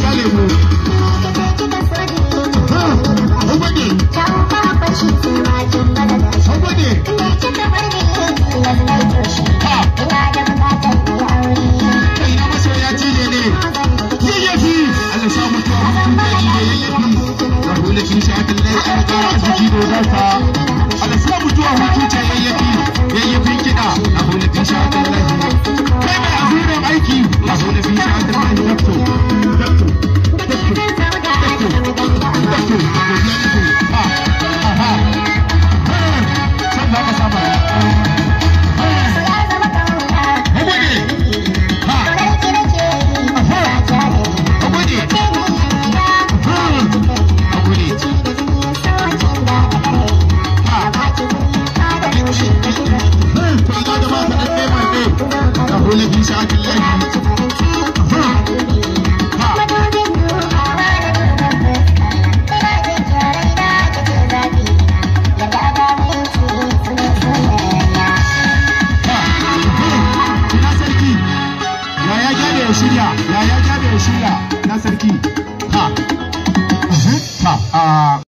sha lemu Thank you. ya shirya yaya ya ya shirya na sarki ha ha ah.